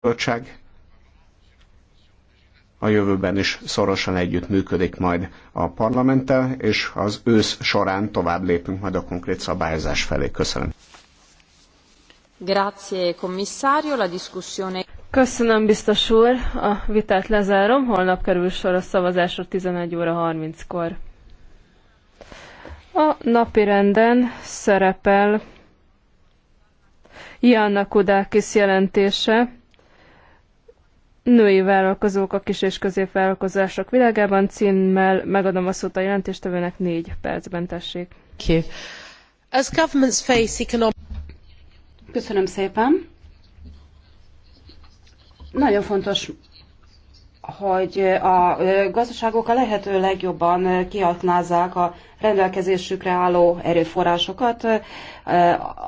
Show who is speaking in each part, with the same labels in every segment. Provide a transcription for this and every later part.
Speaker 1: bizottság a jövőben is szorosan együttműködik majd a parlamenttel, és az ősz során tovább lépünk majd a konkrét szabályozás felé. Köszönöm.
Speaker 2: Grazie, commissario. La discussione...
Speaker 3: Köszönöm, biztos úr. A vitát lezárom. Holnap kerül sor a szavazásra 11 óra 30-kor. A renden szerepel Janna Kudákis jelentése női vállalkozók a kis- és középvállalkozások világában címmel megadom a szót a jelentéstevőnek négy percben tessék.
Speaker 2: As governments face economic... Köszönöm szépen. Nagyon fontos hogy a gazdaságok a lehető legjobban kiaknázzák a rendelkezésükre álló erőforrásokat,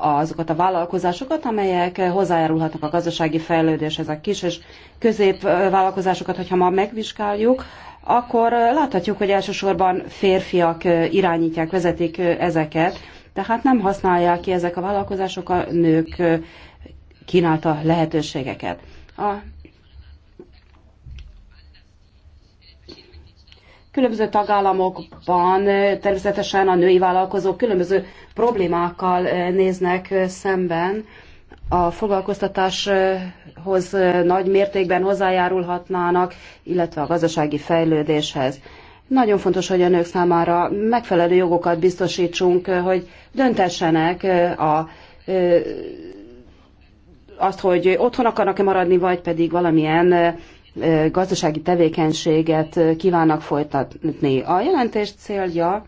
Speaker 2: azokat a vállalkozásokat, amelyek hozzájárulhatnak a gazdasági fejlődéshez, a kis és középvállalkozásokat, hogyha ma megvizsgáljuk, akkor láthatjuk, hogy elsősorban férfiak irányítják, vezetik ezeket, tehát nem használják ki ezek a vállalkozások a nők kínálta lehetőségeket. A Különböző tagállamokban eh, természetesen a női vállalkozók különböző problémákkal eh, néznek eh, szemben. A foglalkoztatáshoz nagy mértékben hozzájárulhatnának, illetve a gazdasági fejlődéshez. Nagyon fontos, hogy a nők számára megfelelő jogokat biztosítsunk, hogy döntessenek a azt, hogy otthon akarnak-e maradni, vagy pedig valamilyen gazdasági tevékenységet kívánnak folytatni. A jelentés célja,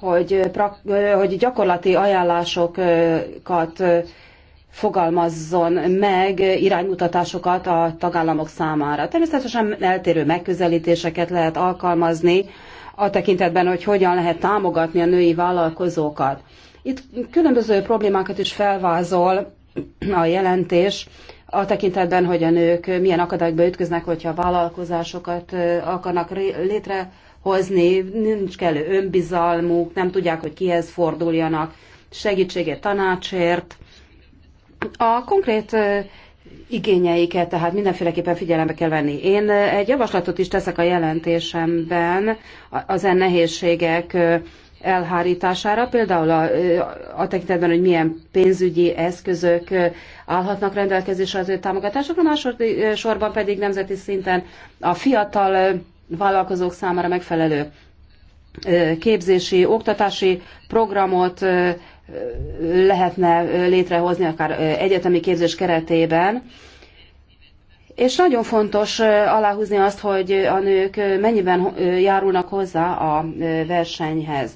Speaker 2: hogy, hogy gyakorlati ajánlásokat fogalmazzon meg iránymutatásokat a tagállamok számára. Természetesen eltérő megközelítéseket lehet alkalmazni a tekintetben, hogy hogyan lehet támogatni a női vállalkozókat. Itt különböző problémákat is felvázol a jelentés, a tekintetben, hogy a nők milyen akadályokba ütköznek, hogyha vállalkozásokat akarnak létrehozni, nincs kellő önbizalmuk, nem tudják, hogy kihez forduljanak, segítségért, tanácsért. A konkrét igényeiket, tehát mindenféleképpen figyelembe kell venni. Én egy javaslatot is teszek a jelentésemben az en nehézségek elhárítására, például a, a tekintetben, hogy milyen pénzügyi eszközök állhatnak rendelkezésre az ő támogatásokra, másodszorban pedig nemzeti szinten a fiatal vállalkozók számára megfelelő képzési, oktatási programot lehetne létrehozni, akár egyetemi képzés keretében. És nagyon fontos aláhúzni azt, hogy a nők mennyiben járulnak hozzá a versenyhez.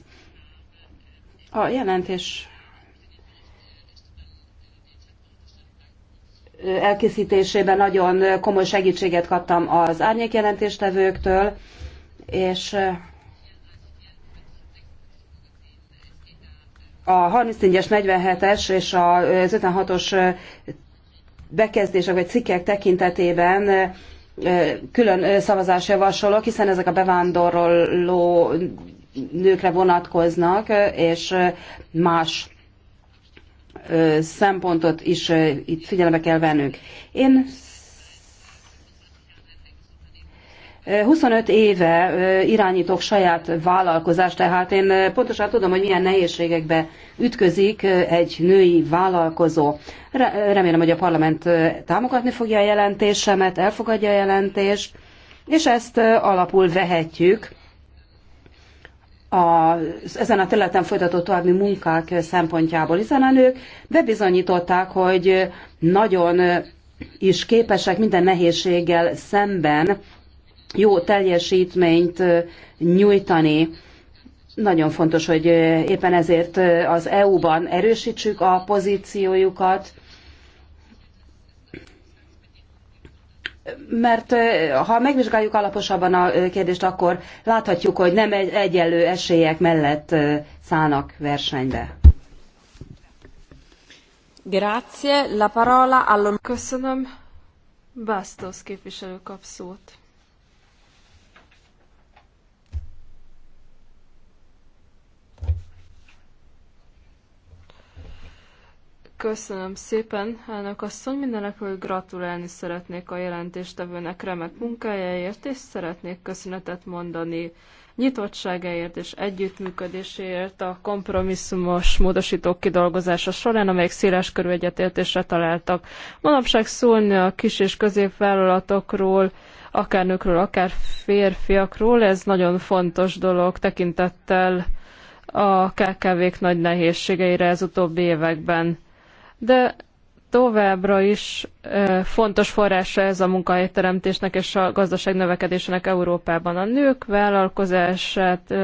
Speaker 2: A jelentés elkészítésében nagyon komoly segítséget kaptam az árnyék jelentéstevőktől, és a 34-es, 47-es és az 56-os bekezdések vagy cikkek tekintetében külön szavazást javasolok, hiszen ezek a bevándorló nőkre vonatkoznak, és más szempontot is itt figyelembe kell vennünk. Én 25 éve irányítok saját vállalkozást, tehát én pontosan tudom, hogy milyen nehézségekbe ütközik egy női vállalkozó. Remélem, hogy a parlament támogatni fogja a jelentésemet, elfogadja a jelentést, és ezt alapul vehetjük az ezen a területen folytatott további munkák szempontjából, hiszen a nők bebizonyították, hogy nagyon is képesek minden nehézséggel szemben jó teljesítményt nyújtani. Nagyon fontos, hogy éppen ezért az EU-ban erősítsük a pozíciójukat, mert ha megvizsgáljuk alaposabban a kérdést, akkor láthatjuk, hogy nem egy egyenlő esélyek mellett szállnak versenybe.
Speaker 3: Grazie, la parola allon... Köszönöm. Bastos képviselő kap szót. Köszönöm szépen, elnök asszony. Mindenekről gratulálni szeretnék a jelentéstevőnek remek munkájáért, és szeretnék köszönetet mondani nyitottságáért és együttműködéséért a kompromisszumos módosítók kidolgozása során, amelyek széles körű egyetértésre találtak. Manapság szólni a kis és középvállalatokról, akár nőkről, akár férfiakról, ez nagyon fontos dolog tekintettel a KKV-k nagy nehézségeire az utóbbi években de továbbra is fontos forrása ez a munkahelyteremtésnek és a gazdaság növekedésének Európában. A nők vállalkozását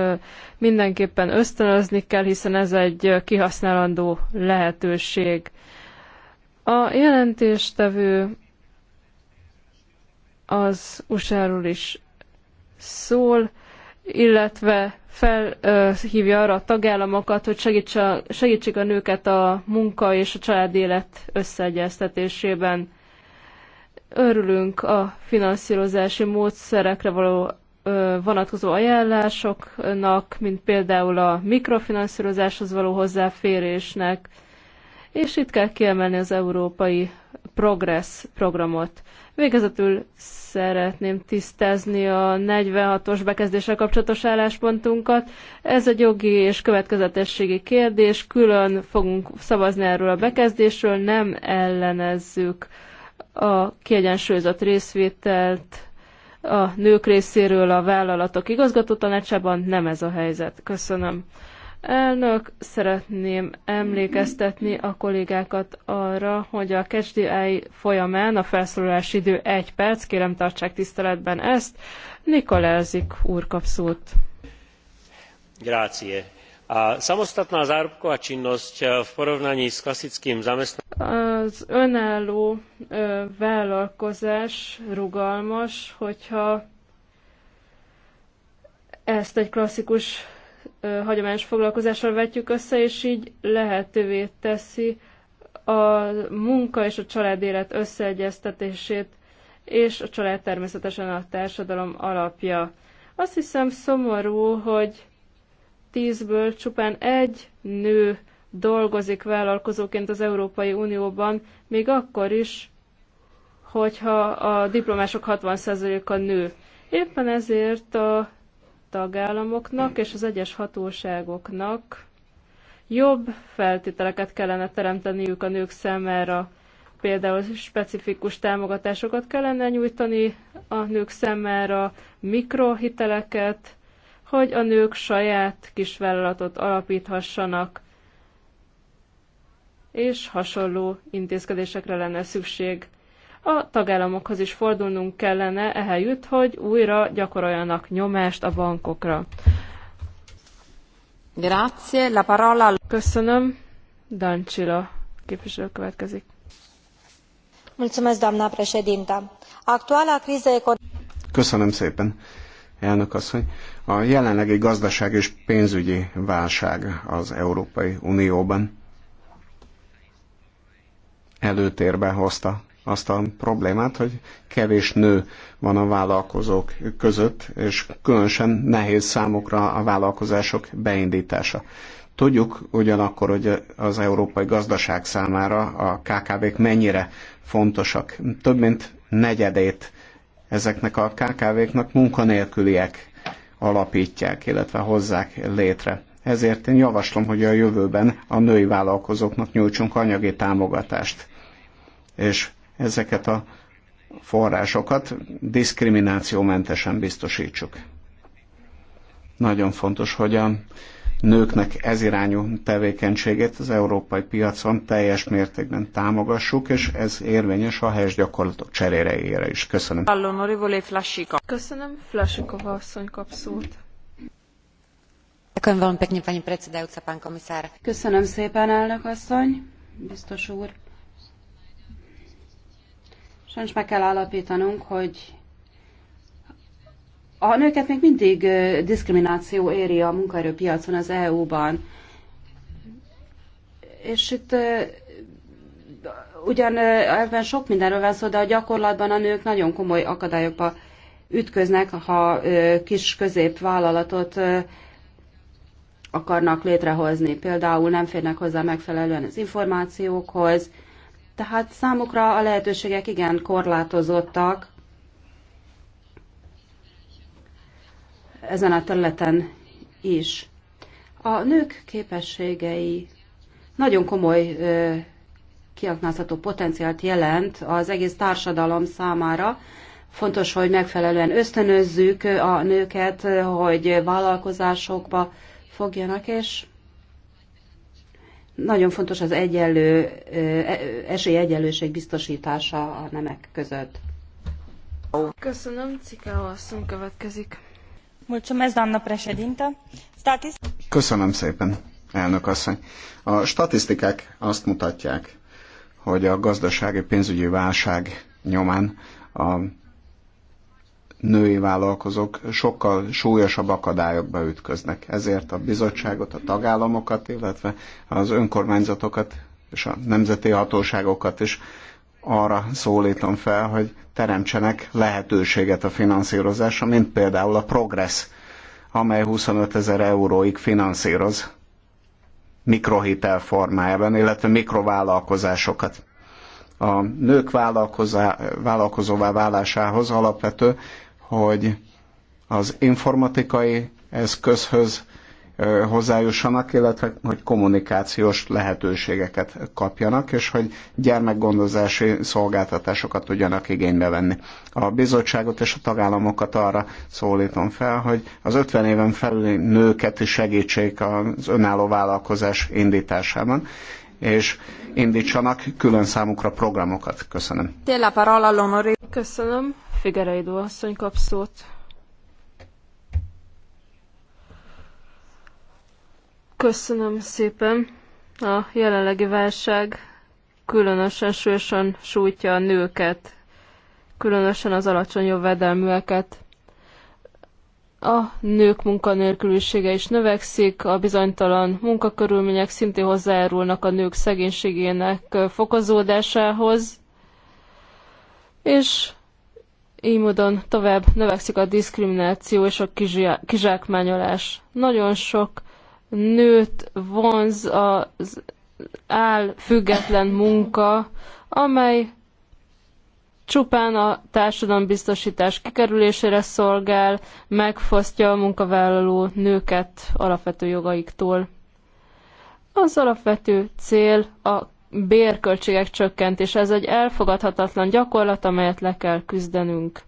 Speaker 3: mindenképpen ösztönözni kell, hiszen ez egy kihasználandó lehetőség. A jelentéstevő az usa is szól, illetve felhívja arra a tagállamokat, hogy segítsék a nőket a munka és a család élet összeegyeztetésében. Örülünk a finanszírozási módszerekre való vonatkozó ajánlásoknak, mint például a mikrofinanszírozáshoz való hozzáférésnek, és itt kell kiemelni az Európai Progress programot. Végezetül szeretném tisztázni a 46-os bekezdéssel kapcsolatos álláspontunkat. Ez egy jogi és következetességi kérdés, külön fogunk szavazni erről a bekezdésről, nem ellenezzük a kiegyensúlyozott részvételt a nők részéről a vállalatok igazgató tanácsában, nem ez a helyzet. Köszönöm. Elnök, szeretném emlékeztetni a kollégákat arra, hogy a KSDI folyamán a felszólalás idő egy perc, kérem tartsák tiszteletben ezt. Nikolázik úr kap szót.
Speaker 1: Grácie. A samostatná zárobková činnosť e, v porovnaní s klasickým zamestnaním...
Speaker 3: Az önálló ö, e, vállalkozás rugalmas, hogyha ezt egy klasszikus hagyományos foglalkozással vetjük össze, és így lehetővé teszi a munka és a család élet összeegyeztetését, és a család természetesen a társadalom alapja. Azt hiszem szomorú, hogy tízből csupán egy nő dolgozik vállalkozóként az Európai Unióban, még akkor is, hogyha a diplomások 60%-a nő. Éppen ezért a tagállamoknak és az egyes hatóságoknak jobb feltételeket kellene teremteniük a nők számára, például specifikus támogatásokat kellene nyújtani a nők számára, mikrohiteleket, hogy a nők saját kisvállalatot alapíthassanak, és hasonló intézkedésekre lenne szükség a tagállamokhoz is fordulnunk kellene ehelyütt, hogy újra gyakoroljanak nyomást a bankokra. Grazie, la parola... Köszönöm. Dancsila képviselő következik. Mulțumesc,
Speaker 4: doamna președintă. Actuala criză economică...
Speaker 1: Köszönöm szépen, elnök asszony. A jelenlegi gazdaság és pénzügyi válság az Európai Unióban előtérbe hozta azt a problémát, hogy kevés nő van a vállalkozók között, és különösen nehéz számukra a vállalkozások beindítása. Tudjuk ugyanakkor, hogy az európai gazdaság számára a KKV-k mennyire fontosak. Több mint negyedét ezeknek a KKV-knak munkanélküliek alapítják, illetve hozzák létre. Ezért én javaslom, hogy a jövőben a női vállalkozóknak nyújtsunk anyagi támogatást. És ezeket a forrásokat diszkriminációmentesen biztosítsuk. Nagyon fontos, hogy a nőknek ez irányú tevékenységét az európai piacon teljes mértékben támogassuk, és ez érvényes a helyes gyakorlatok cserére is. Köszönöm.
Speaker 3: Köszönöm, Flasikova asszony kap
Speaker 2: szót. Köszönöm szépen, elnök asszony, biztos úr. Sajnos meg kell állapítanunk, hogy a nőket még mindig diszkrimináció éri a munkaerőpiacon az EU-ban. És itt ugyan ebben sok mindenről van szó, de a gyakorlatban a nők nagyon komoly akadályokba ütköznek, ha kis középvállalatot akarnak létrehozni. Például nem férnek hozzá megfelelően az információkhoz, tehát számukra a lehetőségek igen korlátozottak ezen a területen is. A nők képességei nagyon komoly kiaknázható potenciált jelent az egész társadalom számára. Fontos, hogy megfelelően ösztönözzük a nőket, hogy vállalkozásokba fogjanak, és nagyon fontos az egyenlő, e, esélyegyenlőség biztosítása a nemek között.
Speaker 3: Köszönöm, Cika asszony következik.
Speaker 2: Mulțumesc, doamnă președintă.
Speaker 1: Köszönöm szépen, elnök asszony. A statisztikák azt mutatják, hogy a gazdasági pénzügyi válság nyomán a női vállalkozók sokkal súlyosabb akadályokba ütköznek. Ezért a bizottságot, a tagállamokat, illetve az önkormányzatokat és a nemzeti hatóságokat is arra szólítom fel, hogy teremtsenek lehetőséget a finanszírozásra, mint például a Progress, amely 25 ezer euróig finanszíroz mikrohitel formájában, illetve mikrovállalkozásokat. A nők vállalkozóvá válásához alapvető hogy az informatikai eszközhöz hozzájussanak, illetve hogy kommunikációs lehetőségeket kapjanak, és hogy gyermekgondozási szolgáltatásokat tudjanak igénybe venni. A bizottságot és a tagállamokat arra szólítom fel, hogy az 50 éven felüli nőket is segítsék az önálló vállalkozás indításában, és indítsanak külön számukra programokat. Köszönöm.
Speaker 2: Téla
Speaker 3: parola l'onore. Köszönöm. Figereidó asszony kap szót. Köszönöm szépen. A jelenlegi válság különösen súlyosan sújtja a nőket, különösen az alacsony jövedelműeket. A nők munkanélkülisége is növekszik, a bizonytalan munkakörülmények szintén hozzájárulnak a nők szegénységének fokozódásához, és így módon tovább növekszik a diszkrimináció és a kizsákmányolás. Nagyon sok nőt vonz az áll független munka, amely csupán a társadalombiztosítás kikerülésére szolgál, megfosztja a munkavállaló nőket alapvető jogaiktól. Az alapvető cél a bérköltségek csökkentése. Ez egy elfogadhatatlan gyakorlat, amelyet le kell küzdenünk.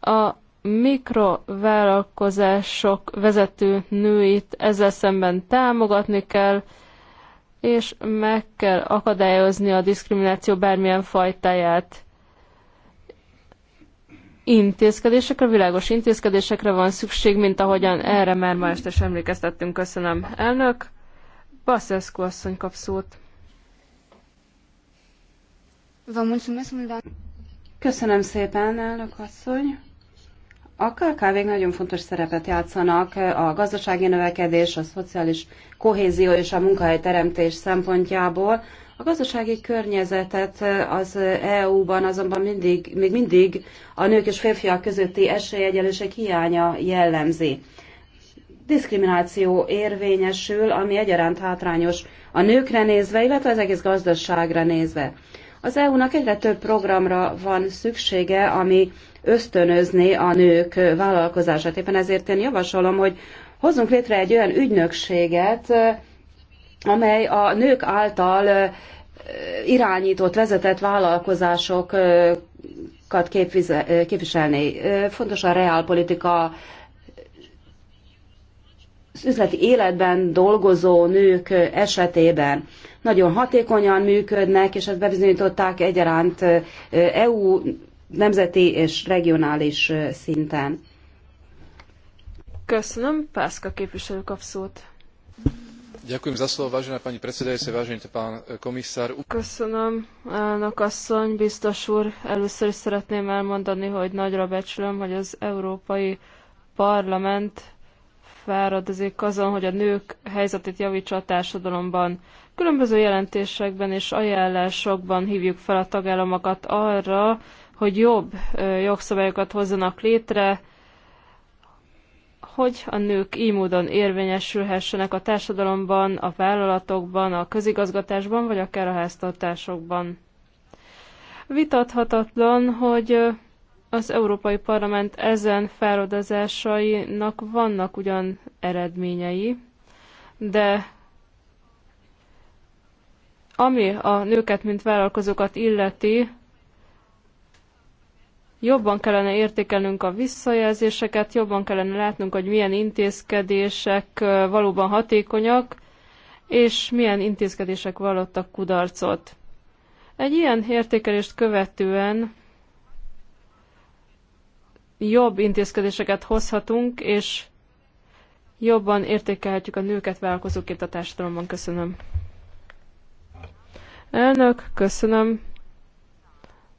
Speaker 3: A mikrovállalkozások vezető nőit ezzel szemben támogatni kell, és meg kell akadályozni a diszkrimináció bármilyen fajtáját intézkedésekre, világos intézkedésekre van szükség, mint ahogyan erre már ma este is emlékeztettünk. Köszönöm, elnök. Baszeszko
Speaker 2: asszony kap szót. Köszönöm szépen, elnök asszony. A KKV-k nagyon fontos szerepet játszanak a gazdasági növekedés, a szociális kohézió és a munkahelyteremtés szempontjából. A gazdasági környezetet az EU-ban azonban mindig, még mindig a nők és férfiak közötti esélyegyenlőség hiánya jellemzi. Diszkrimináció érvényesül, ami egyaránt hátrányos a nőkre nézve, illetve az egész gazdaságra nézve. Az EU-nak egyre több programra van szüksége, ami ösztönözni a nők vállalkozását. Éppen ezért én javasolom, hogy hozzunk létre egy olyan ügynökséget, amely a nők által irányított, vezetett vállalkozásokat képviselni. Fontos a reálpolitika az üzleti életben dolgozó nők esetében nagyon hatékonyan működnek, és ezt bebizonyították egyaránt EU nemzeti és regionális szinten.
Speaker 3: Köszönöm, Pászka képviselő kapszót. E, Köszönöm, elnök asszony, biztos úr. Először is szeretném elmondani, hogy nagyra becsülöm, hogy az Európai Parlament fáradozik azon, hogy a nők helyzetét javtsa a társadalomban. Különböző jelentésekben és ajánlásokban hívjuk fel a tagállamokat arra, hogy jobb e, jogszabályokat hozzanak létre, hogy a nők így módon érvényesülhessenek a társadalomban, a vállalatokban, a közigazgatásban, vagy akár a háztartásokban. Vitathatatlan, hogy az Európai Parlament ezen fáradozásainak vannak ugyan eredményei, de ami a nőket, mint vállalkozókat illeti, Jobban kellene értékelnünk a visszajelzéseket, jobban kellene látnunk, hogy milyen intézkedések valóban hatékonyak, és milyen intézkedések vallottak kudarcot. Egy ilyen értékelést követően jobb intézkedéseket hozhatunk, és jobban értékelhetjük a nőket vállalkozóként a társadalomban. Köszönöm. Elnök, köszönöm.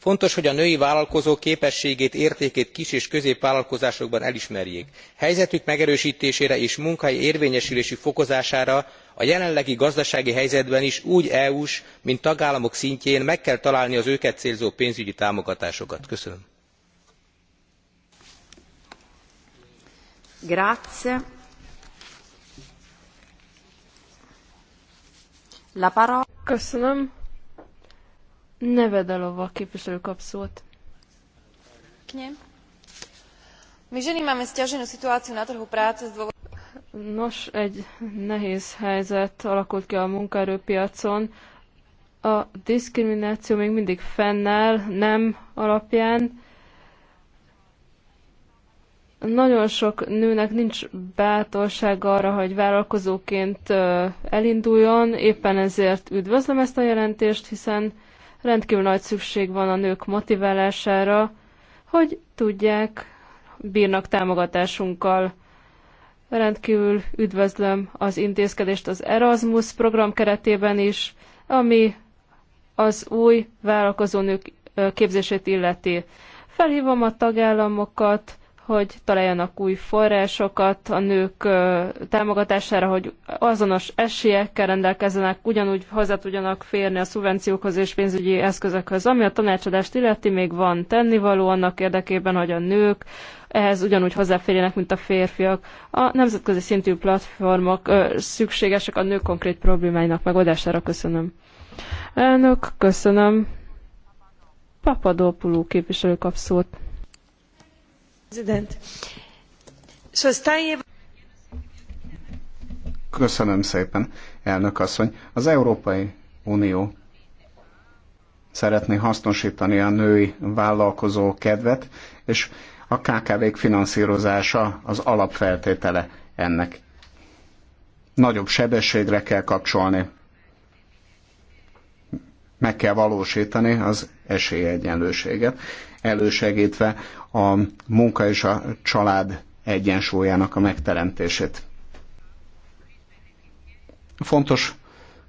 Speaker 4: fontos hogy a női vállalkozók képességét értékét kis és középvállalkozásokban elismerjék. helyzetük megerőstésére és munkahely érvényesülési fokozására a jelenlegi gazdasági helyzetben is úgy eu s mint tagállamok szintjén meg kell találni az őket célzó pénzügyi támogatásokat. köszönöm.
Speaker 3: Nevedalova képviselő kap szót.
Speaker 2: My ženy máme stiaženú situáciu na trhu práce z dôvodu...
Speaker 3: Nos, egy nehéz helyzet alakult ki a munkaerőpiacon. A diszkrimináció még mindig fennáll, nem alapján. Nagyon sok nőnek nincs bátorsága arra, hogy vállalkozóként elinduljon, éppen ezért üdvözlöm ezt a jelentést, hiszen Rendkívül nagy szükség van a nők motiválására, hogy tudják, bírnak támogatásunkkal. Rendkívül üdvözlöm az intézkedést az Erasmus program keretében is, ami az új vállalkozónők képzését illeti. Felhívom a tagállamokat, hogy találjanak új forrásokat a nők támogatására, hogy azonos esélyekkel rendelkezzenek, ugyanúgy hozzá tudjanak férni a szubvenciókhoz és pénzügyi eszközökhöz. Ami a tanácsadást illeti, még van tennivaló annak érdekében, hogy a nők ehhez ugyanúgy hozzáférjenek, mint a férfiak. A nemzetközi szintű platformok szükségesek a nők konkrét problémáinak megoldására. Köszönöm. Elnök, köszönöm. Papadopulú képviselő kap szót.
Speaker 1: Köszönöm szépen, elnök asszony. Az Európai Unió szeretné hasznosítani a női vállalkozó kedvet, és a KKV-k finanszírozása az alapfeltétele ennek. Nagyobb sebességre kell kapcsolni meg kell valósítani az esélyegyenlőséget, elősegítve a munka és a család egyensúlyának a megteremtését. Fontos,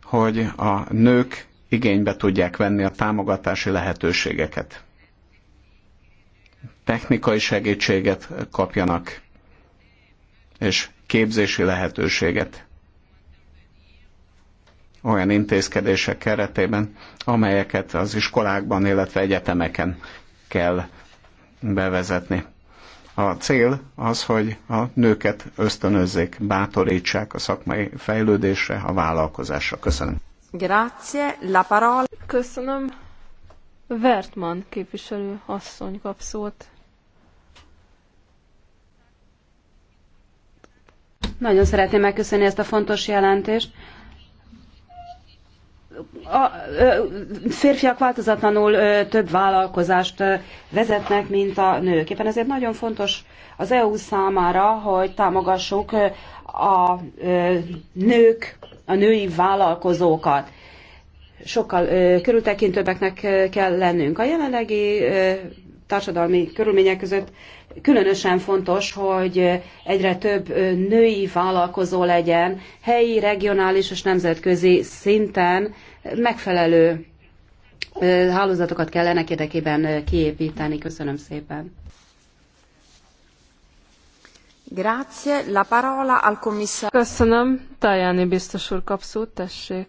Speaker 1: hogy a nők igénybe tudják venni a támogatási lehetőségeket. Technikai segítséget kapjanak, és képzési lehetőséget olyan intézkedések keretében, amelyeket az iskolákban, illetve egyetemeken kell bevezetni. A cél az, hogy a nőket ösztönözzék, bátorítsák a szakmai fejlődésre, a vállalkozásra. Köszönöm.
Speaker 2: Grazie, la
Speaker 3: parola. Köszönöm. Vertman képviselő asszony kap szót.
Speaker 2: Nagyon szeretném megköszönni ezt a fontos jelentést a férfiak változatlanul több vállalkozást vezetnek, mint a nők. Éppen ezért nagyon fontos az EU számára, hogy támogassuk a nők, a női vállalkozókat. Sokkal körültekintőbbeknek kell lennünk. A jelenlegi társadalmi körülmények között különösen fontos, hogy egyre több női vállalkozó legyen helyi, regionális és nemzetközi szinten megfelelő hálózatokat kell ennek érdekében kiépíteni. Köszönöm szépen. Grazie. La parola al
Speaker 3: commissario. Köszönöm. Tajani biztos úr kap szót, tessék.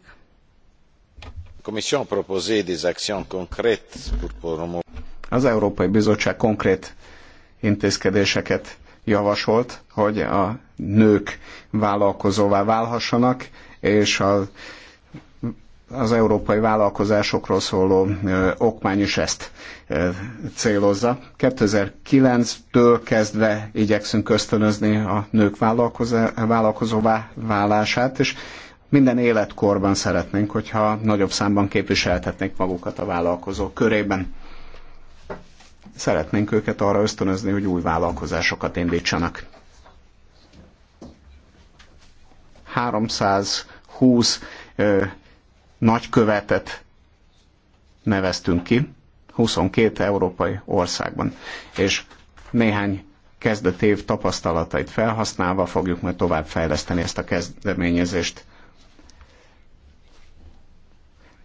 Speaker 4: A
Speaker 1: commission proposé des actions concrètes pour promouvoir az Európai Bizottság konkrét intézkedéseket javasolt, hogy a nők vállalkozóvá válhassanak, és a, az európai vállalkozásokról szóló ö, okmány is ezt ö, célozza. 2009-től kezdve igyekszünk ösztönözni a nők vállalkozóvá válását, és minden életkorban szeretnénk, hogyha nagyobb számban képviseltetnék magukat a vállalkozók körében szeretnénk őket arra ösztönözni, hogy új vállalkozásokat indítsanak. 320 ö, nagykövetet neveztünk ki, 22 európai országban, és néhány kezdet év tapasztalatait felhasználva fogjuk majd továbbfejleszteni ezt a kezdeményezést.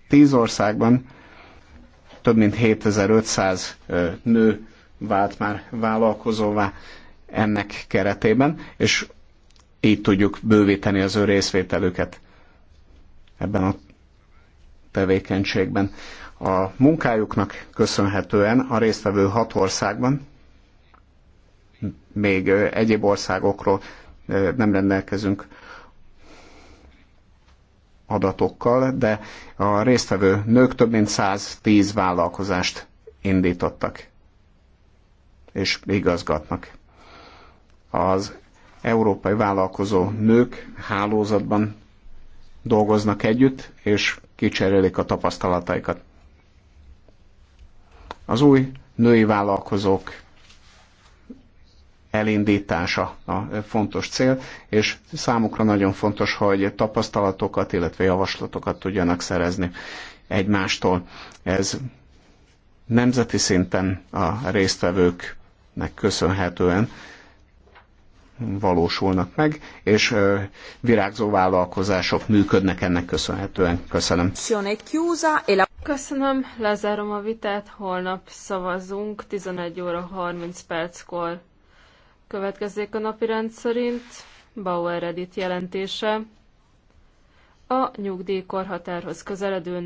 Speaker 1: Tíz országban több mint 7500 nő vált már vállalkozóvá ennek keretében, és így tudjuk bővíteni az ő részvételüket ebben a tevékenységben. A munkájuknak köszönhetően a résztvevő hat országban, még egyéb országokról nem rendelkezünk adatokkal, de a résztvevő nők több mint 110 vállalkozást indítottak és igazgatnak. Az európai vállalkozó nők hálózatban dolgoznak együtt, és kicserélik a tapasztalataikat. Az új női vállalkozók elindítása a fontos cél, és számukra nagyon fontos, hogy tapasztalatokat, illetve javaslatokat tudjanak szerezni egymástól. Ez nemzeti szinten a résztvevőknek köszönhetően valósulnak meg, és virágzó vállalkozások működnek ennek köszönhetően. Köszönöm.
Speaker 3: Köszönöm, lezárom a vitát, holnap szavazunk 11 óra 30 perckor. Következzék a napi rend szerint Bauer Edith jelentése a nyugdíjkorhatárhoz közeledő